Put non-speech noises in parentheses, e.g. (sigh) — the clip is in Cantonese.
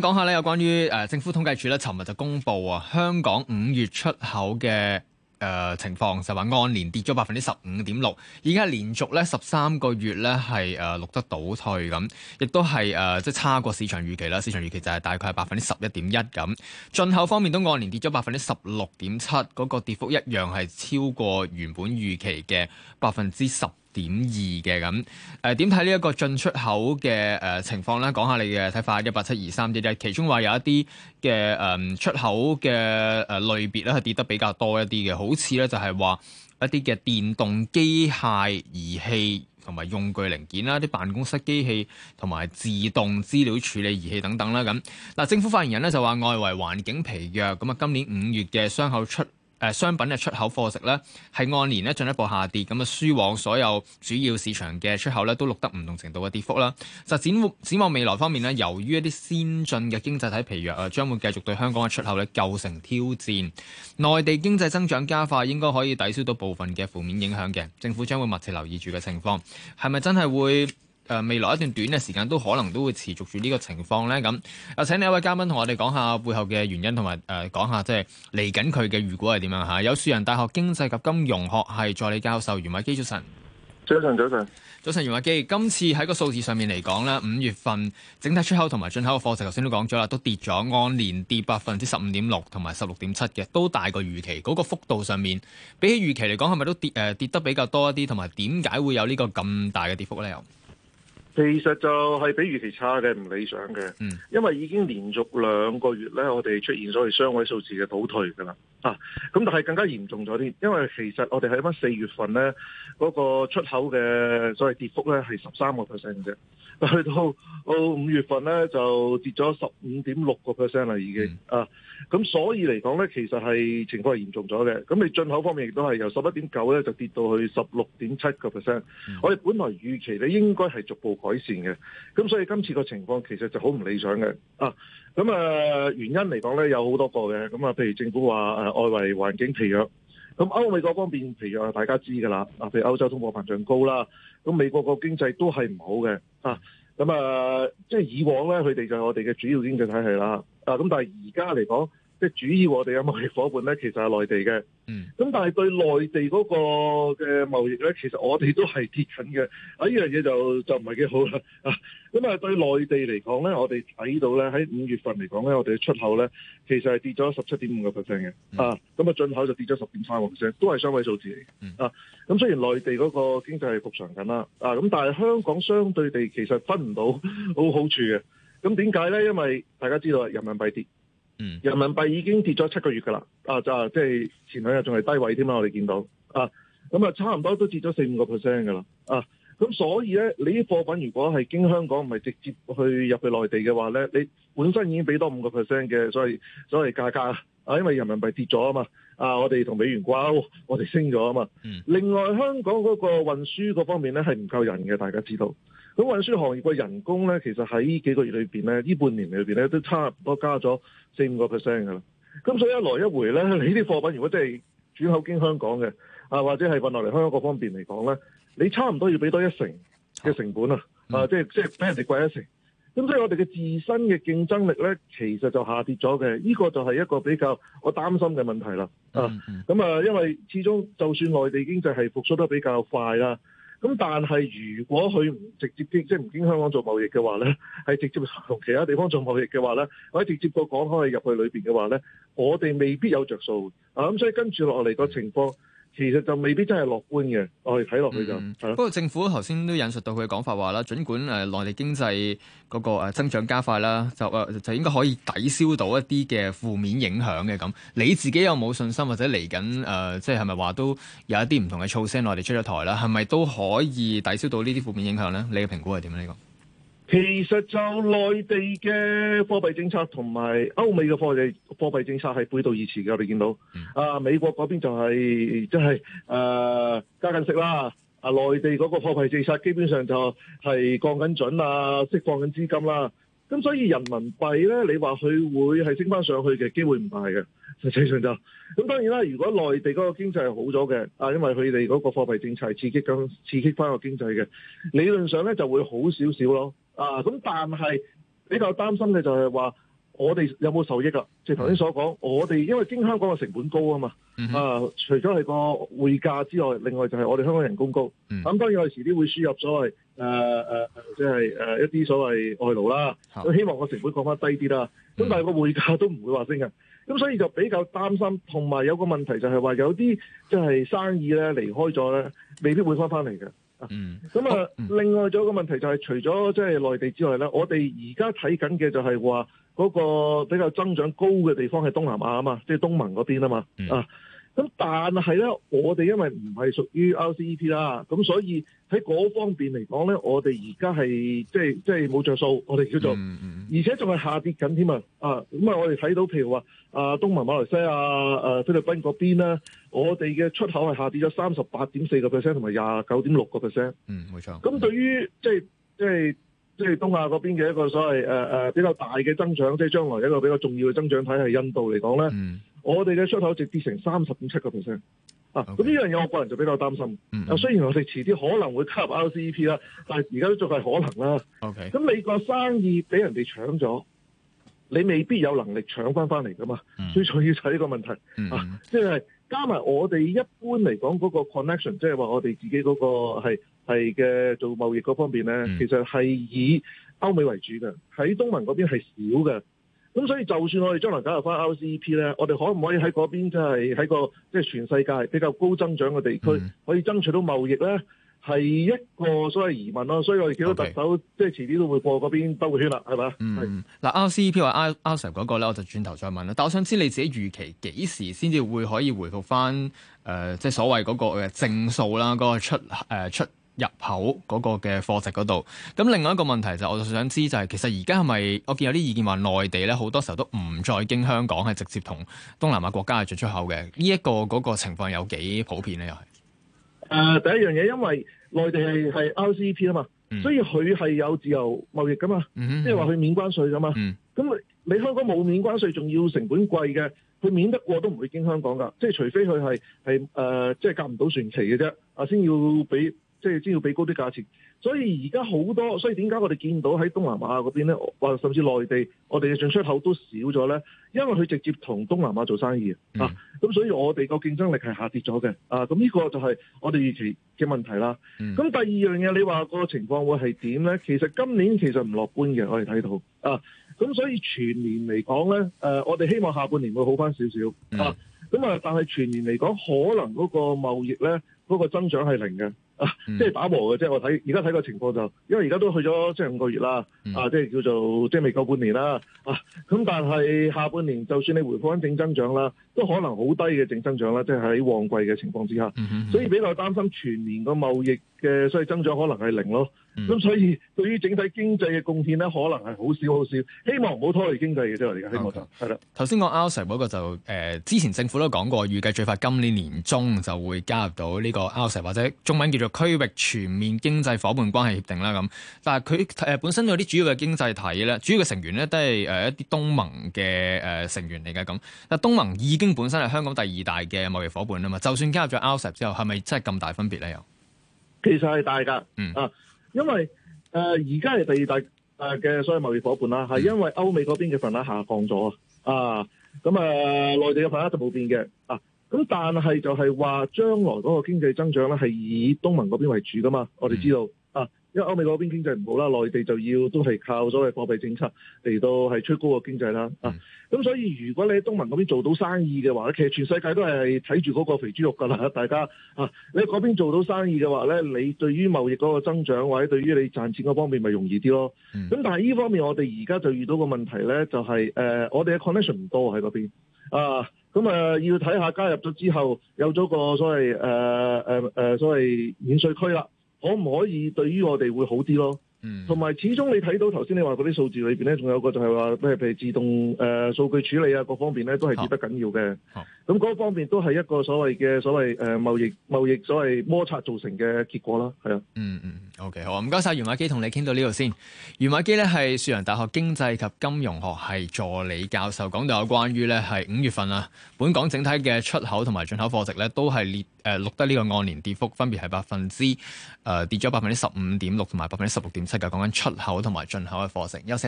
講下咧，有關於誒政府統計處咧，尋日就公布啊，香港五月出口嘅誒情況，就話按年跌咗百分之十五點六，而家連續咧十三個月咧係誒錄得倒退咁，亦都係誒即係差過市場預期啦，市場預期就係大概係百分之十一點一咁。進口方面都按年跌咗百分之十六點七，嗰個跌幅一樣係超過原本預期嘅百分之十。點二嘅咁，誒點睇呢一個進出口嘅誒情況咧？講下你嘅睇法。一八七二三一一，其中話有一啲嘅誒出口嘅誒類別咧係跌得比較多一啲嘅，好似咧就係話一啲嘅電動機械儀器同埋用具零件啦，啲辦公室機器同埋自動資料處理儀器等等啦咁。嗱，政府發言人呢就話外圍環境疲弱，咁啊今年五月嘅商品出誒商品嘅出口貨值呢，係按年呢進一步下跌，咁啊輸往所有主要市場嘅出口呢，都錄得唔同程度嘅跌幅啦。就展展望未來方面呢，由於一啲先進嘅經濟體疲弱啊，將會繼續對香港嘅出口呢，構成挑戰。內地經濟增長加快，應該可以抵消到部分嘅負面影響嘅。政府將會密切留意住嘅情況，係咪真係會？未來一段短嘅時間都可能都會持續住呢個情況呢。咁，啊請另一位嘉賓同我哋講下背後嘅原因，同埋誒講下即係嚟緊佢嘅預估係點樣下、啊、有樹仁大學經濟及金融學系助理教授袁偉基，早晨。早晨，早晨，早晨，袁偉基。今次喺個數字上面嚟講啦，五月份整體出口同埋進口嘅貨值，頭先都講咗啦，都跌咗，按年跌百分之十五點六同埋十六點七嘅，都大過預期。嗰、那個幅度上面比起預期嚟講，係咪都跌、呃、跌得比較多一啲？同埋點解會有呢個咁大嘅跌幅呢？其實就係比預期差嘅，唔理想嘅，因為已經連續兩個月呢，我哋出現所謂雙位數字嘅倒退㗎啦。啊，咁但係更加嚴重咗啲，因為其實我哋喺翻四月份咧，嗰、嗰個出口嘅所謂跌幅咧係十三個 percent 啫，去到到五、哦、月份咧就跌咗十五點六個 percent 啦已經、嗯、啊，咁所以嚟講咧，其實係情況係嚴重咗嘅。咁你進口方面亦都係由十一點九咧就跌到去十六點七個 percent，我哋本來預期咧應該係逐步改善嘅，咁所以今次個情況其實就好唔理想嘅啊。咁啊、呃，原因嚟講咧，有好多個嘅。咁啊，譬如政府話、呃、外圍環境疲弱，咁歐美嗰方面疲弱，大家知㗎啦。啊，譬如歐洲通貨膨脹高啦，咁美國個經濟都係唔好嘅。咁啊，呃、即係以往咧，佢哋就係我哋嘅主要經濟體系啦。啊，咁但係而家嚟講。即係主要我哋嘅貿易夥伴咧，其實係內地嘅。嗯。咁但係對內地嗰個嘅貿易咧，其實我哋都係跌緊嘅。啊，呢樣嘢就就唔係幾好啦。啊，咁啊對內地嚟講咧，我哋睇到咧，喺五月份嚟講咧，我哋嘅出口咧，其實係跌咗十七點五個 percent 嘅。啊，咁啊進口就跌咗十點三個 percent，都係雙位數字嚟嘅、嗯。啊，咁雖然內地嗰個經濟係復常緊啦。啊，咁但係香港相對地其實分唔到好好處嘅。咁點解咧？因為大家知道啊，人民幣跌。嗯，人民幣已經跌咗七個月㗎啦，啊就即係前兩日仲係低位添啦，我哋見到，啊咁啊差唔多都跌咗四五個 percent 㗎啦，啊咁所以咧，你啲貨品如果係經香港唔係直接去入去內地嘅話咧，你本身已經俾多五個 percent 嘅，所謂所謂價格啊，因為人民幣跌咗啊嘛。啊！我哋同美元掛鈎，我哋升咗啊嘛、嗯。另外，香港嗰個運輸嗰方面咧係唔夠人嘅，大家知道。咁運輸行業嘅人工咧，其實喺幾個月裏面咧，呢半年裏面咧都差唔多加咗四五個 percent 嘅啦。咁所以一來一回咧，你啲貨品如果真係轉口經香港嘅啊，或者係運落嚟香港嗰方面嚟講咧，你差唔多要俾多一成嘅成本啊！啊，嗯、即係即係俾人哋貴一成。咁所以我哋嘅自身嘅競爭力咧，其實就下跌咗嘅，呢、這個就係一個比較我擔心嘅問題啦。啊、嗯，咁、嗯、啊，因為始終就算內地經濟係復甦得比較快啦，咁但係如果佢唔直接經即係唔經香港做貿易嘅話咧，係直接同其他地方做貿易嘅話咧，或者直接過港開入去裏面嘅話咧，我哋未必有着數。啊，咁所以跟住落嚟個情況。其實就未必真係樂觀嘅，我哋睇落去就不過、嗯、政府頭先都引述到佢嘅講法話啦，儘管誒、呃、內地經濟嗰個、呃、增長加快啦，就、呃、就應該可以抵消到一啲嘅負面影響嘅咁。你自己有冇信心，或者嚟緊即係係咪話都有一啲唔同嘅措施內地出咗台啦，係咪都可以抵消到呢啲負面影響咧？你嘅評估係點樣？呢個其實就內地嘅貨幣政策同埋歐美嘅貨幣貨幣政策係背道而馳嘅，我哋見到啊美國嗰邊就係即係誒加緊息啦，啊內地嗰個貨幣政策基本上就係降緊準啦，釋放緊資金啦。咁所以人民幣咧，你話佢會係升翻上去嘅機會唔大嘅，實際上就咁。當然啦，如果內地嗰個經濟係好咗嘅，啊，因為佢哋嗰個貨幣政策刺激緊，刺激翻個經濟嘅理論上咧就會好少少咯。啊，咁但係比較擔心嘅就係話。我哋有冇受益啊？即係頭先所講、嗯，我哋因為經香港嘅成本高啊嘛，啊、嗯呃、除咗係個匯價之外，另外就係我哋香港人工高。咁、嗯、當然有時啲會輸入所謂誒誒即係誒一啲所謂外勞啦。我、嗯、希望個成本降翻低啲啦。咁、嗯、但係個匯價都唔會話升嘅。咁所以就比較擔心，同埋有個問題就係話有啲即係生意咧離開咗咧，未必會翻翻嚟嘅。嗯，咁、哦、啊、嗯，另外仲有一個問題就係，除咗即係內地之外咧，我哋而家睇緊嘅就係話嗰個比較增長高嘅地方係東南亞啊嘛，即係東盟嗰邊啊嘛、嗯，啊，咁但係咧，我哋因為唔係屬於 RCEP 啦，咁所以喺嗰方面嚟講咧，我哋而家係即係即係冇著數，我哋叫做。嗯嗯。而且仲係下跌緊添啊！啊咁啊，我哋睇到譬如話，啊東盟馬來西亞、誒、呃、菲律賓嗰邊咧，我哋嘅出口係下跌咗三十八點四個 percent 同埋廿九點六個 percent。嗯，冇錯。咁、嗯、對於即係即係即係東亞嗰邊嘅一個所謂誒誒、呃、比較大嘅增長，即、就、係、是、將來一個比較重要嘅增長體係印度嚟講咧、嗯，我哋嘅出口直跌成三十點七個 percent。Okay. 啊！咁呢樣嘢我個人就比較擔心。Mm -hmm. 啊，雖然我哋遲啲可能會加入 RCEP 啦，但係而家都仲係可能啦。咁、okay. 你個生意俾人哋搶咗，你未必有能力搶翻翻嚟噶嘛。Mm -hmm. 最重要就係呢個問題、mm -hmm. 啊，即、就、係、是、加埋我哋一般嚟講嗰個 connection，即係話我哋自己嗰個係係嘅做貿易嗰方面咧，mm -hmm. 其實係以歐美為主嘅，喺東盟嗰邊係少嘅。咁所以就算我哋將來走入返 RCEP 呢，我哋可唔可以喺嗰邊，即係喺個即係全世界比較高增長嘅地區、嗯，可以爭取到貿易呢？係一個所謂疑問囉。所以我哋幾多特首、okay. 即係遲啲都會過嗰邊兜個圈啦，係咪？嗱、嗯、RCEP 話阿阿 Sir 嗰個呢，我就轉頭再問啦。但我想知你自己預期幾時先至會可以回復返、呃，即係所謂嗰個嘅正數啦，嗰、嗰個出誒、呃、出。入口嗰個嘅貨值嗰度，咁另外一個問題就是、我就想知道就係、是，其實而家係咪我見有啲意見話，內地咧好多時候都唔再經香港，係直接同東南亞國家係做出口嘅。呢、這、一個嗰、那個情況有幾普遍咧？又係誒第一樣嘢，因為內地係係 RCEP 啊嘛、嗯，所以佢係有自由貿易噶嘛，即係話佢免關稅啊嘛。咁你香港冇免關稅，仲要成本貴嘅，佢免得過都唔會經香港噶，即係除非佢係係誒即係夾唔到船期嘅啫，啊先要俾。即係先要俾高啲價錢，所以而家好多，所以點解我哋見到喺東南亞嗰邊咧，或甚至內地，我哋嘅進出口都少咗咧？因為佢直接同東南亞做生意、嗯、啊，咁所以我哋個競爭力係下跌咗嘅啊。咁呢個就係我哋預期嘅問題啦。咁、嗯、第二樣嘢，你話個情況會係點咧？其實今年其實唔樂觀嘅，我哋睇到啊。咁所以全年嚟講咧、啊，我哋希望下半年會好翻少少啊。咁、嗯、啊，但係全年嚟講，可能嗰個貿易咧，嗰、嗰個增長係零嘅。 (noise) 啊，即係打和嘅，即係我睇而家睇個情況就，因為而家都去咗即係五個月啦，啊，即係叫做即係未夠半年啦，啊，咁但係下半年就算你回復返正增長啦，都可能好低嘅正增長啦，即係喺旺季嘅情況之下， (noise) 所以比較擔心全年個貿易嘅所以增長可能係零咯。咁、嗯、所以對於整體經濟嘅貢獻咧，可能係好少好少。希望唔好拖累經濟嘅啫，我哋希望、就係。係、okay，啦，頭先講 RCEP 嗰個就誒、呃，之前政府都講過，預計最快今年年中就會加入到呢個 RCEP，或者中文叫做區域全面經濟夥伴關係協定啦咁。但係佢誒本身有啲主要嘅經濟體咧，主要嘅成員咧都係誒一啲東盟嘅誒、呃、成員嚟嘅咁。但係東盟已經本身係香港第二大嘅貿易夥伴啊嘛，就算加入咗 RCEP 之後，係咪真係咁大分別咧？又其實係大㗎，嗯。因為誒而家係第二大誒嘅所謂貿易夥伴啦，係因為歐美嗰邊嘅份額下降咗啊，咁啊內地嘅份額就冇變嘅啊，咁但係就係話將來嗰個經濟增長咧係以東盟嗰邊為主噶嘛，我哋知道。因為歐美嗰邊經濟唔好啦，內地就要都係靠所謂貨幣政策嚟到係吹高個經濟啦、嗯、啊！咁所以如果你喺東盟嗰邊做到生意嘅話咧，其實全世界都係睇住嗰個肥豬肉㗎啦！大家啊，你喺嗰邊做到生意嘅話咧，你對於貿易嗰個增長或者對於你賺錢嗰方面咪容易啲咯？咁、嗯、但係呢方面我哋而家就遇到個問題咧、就係，就係誒我哋嘅 connection 唔多喺嗰邊啊！咁啊、呃、要睇下加入咗之後有咗個所謂誒誒誒所謂免稅區啦。可唔可以對於我哋會好啲咯？嗯，同埋始終你睇到頭先你話嗰啲數字裏邊咧，仲有個就係話咩？譬如自動誒、呃、數據處理啊，各方面咧都係跌得緊要嘅。咁、啊、嗰、那個、方面都係一個所謂嘅所謂誒、呃、貿易貿易所謂摩擦造成嘅結果啦。係啊，嗯嗯。OK，好，唔該晒。袁偉基同你傾到呢度先。袁偉基咧係樹仁大學經濟及金融學系助理教授，講到有關於咧係五月份啦，本港整體嘅出口同埋進口貨值咧都係列誒錄得呢個按年跌幅，分別係百分之誒、呃、跌咗百分之十五點六同埋百分之十六點七嘅，講緊出口同埋進口嘅貨值。有請。